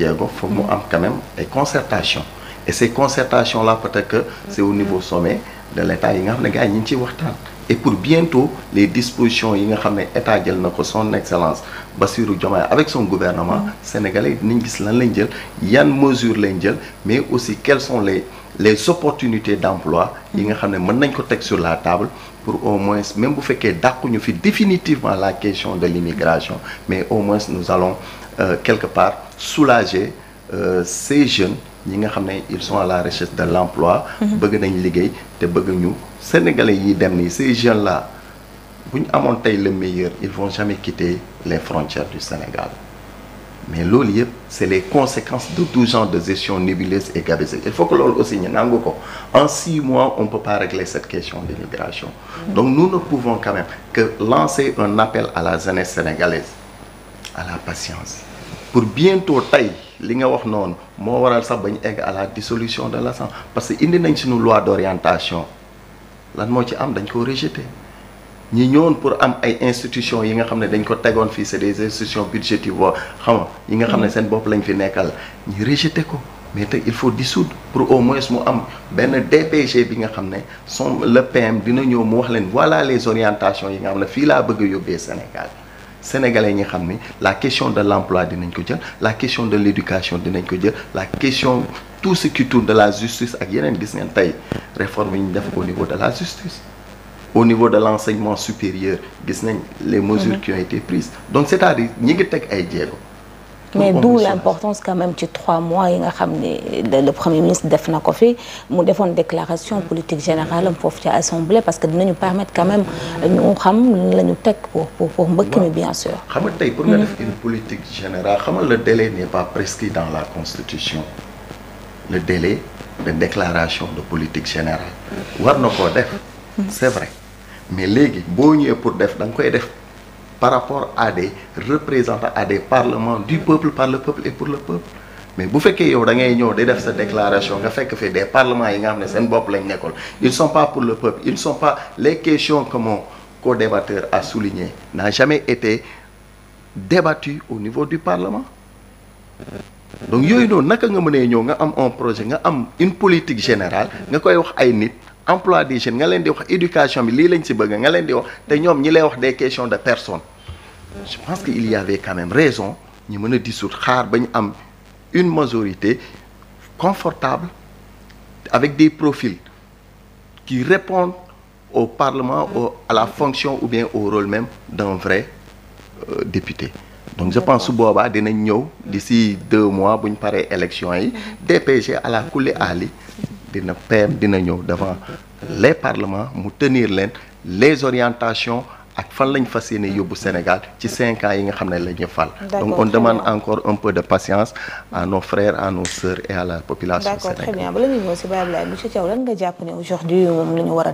jéego foog mu am quand même ay concertations et ces concertations là peut que c'est au niveau sommet de l'État yi nga xam ne gars yi ñu ngi ciy waxtaan et pour bientôt les dispositions yi nga xam ne état jël na ko son excellence Bassirou Diomaye avec son gouvernement mm-hmm. sénégalais dinañ gis lan lañ jël yan mesures lañ jël mais aussi quelles sont les les opportunités d'emploi yi nga xam ne mën nañ ko teg sur la table pour au moins même bu fekkee dàquñu fi définitivement la question de l'immigration mais au moins nous allons euh, soulager euh, ces jeunes ñi nga xam ne ils sont à la recherche de l'emploi mhm. bëgg nañ liggéey te bëgg ñu sénégalais yi dem ni ces jeunes là bu ñu amoon tey le meilleur ils vont jamais quitter les frontières du Sénégal mais loolu yëpp c'est les conséquences de tout genre de gestion nébuleuse et gabegie il faut que loolu aussi ñu nangu ko en six mois on peut pas régler cette question d'immigration mhm. donc nous ne pouvons quand même que lancer un appel à la jeunesse sénégalaise à la patience pour bientôt tey li nga wax noonu moo waral sax bañ egg à la dissolution de l'Assemblée parce que indi nañ suñu loi d'orientation lan moo ci am dañ ko rejeté ñi ñëwoon pour am ay institutions yi nga xam ne dañ ko tegoon fii c'est des institutions budgétivores xam nga yi nga xam ne seen bopp lañ fi nekkal ñu rejeté ko mais te il faut dissoudre pour au moins mu am benn DPG bi nga xam ne son le PM dina ñëw mu wax leen voilà les orientations yi nga xam ne fii laa bëgg a yóbbee Sénégal yi ñu xam ni la question de l'emploi dinañ ko jël la question de l'éducation dinañ ko jël la question tout ce qui de la justice ak yeneen gis neen tey réforme yi ñu def au niveau de la justice au niveau de l'enseignement supérieur gis nañ les mesures mm-hmm. qui ont été prises donc c'est-à-dire ñi ngi teg ay jéego mais d'où l'importance que même trois mois yi nga xam ne le premier ministre def na ko fi mu defoon déclaration politique générale am foofu ci assemblée parce que dinañu permettre quand même ñu xam la ñu teg pour pour pour mbëkk mi bien sûr. xam nga tey pour nga mm. def une politique générale xam nga le délai n'est pas prescrit dans la constitution le délai de déclaration de politique générale. war na koo def. Mm. c'est vrai mais léegi boo ñëwee pour def da koy def. par rapport à des représentants à des parlements du peuple par le peuple et pour le peuple mais bu fekkee yow da ngay ñëw di def sa déclaration nga fekk fii des parlements yi nga xam ne seen bopp lañ nekkoon ils sont pas pour le peuple ils ne sont pas les questions que mon co a souligné n'a jamais été débattu au niveau du parlement donc yooyu noonu naka nga mënee ñëw nga am un projet nga am une politique générale nga koy wax ay nit emploi des jeunes leen di wax éducation bi lii lañ ci bëgg nga leen di wax te ñi lay wax des questions de personnes je pense que il y avait quand même raison ñu mën a dissoudre xaar ba am une majorité confortable avec des profils qui répondent au parlement à la fonction ou bien au rôle même d'un vrai euh, député donc je pense su boobaa dinañ ñëw d'ici deux mois bu ñu paree élection yi mm-hmm. DPG à la kulli aali dina PM dina ñëw devant les parlement mu tenir leen les orientations ak fan lañ fas yéene yóbbu Sénégal ci cinq yi nga xam ne la ñu fal. donc on demande encore un peu de patience à nos frères à nos sœurs et à la population sénégalaise. d'accord très ñëw si Baye Ablaye monsieur nga jàpp ne aujourd'hui moom la ñu a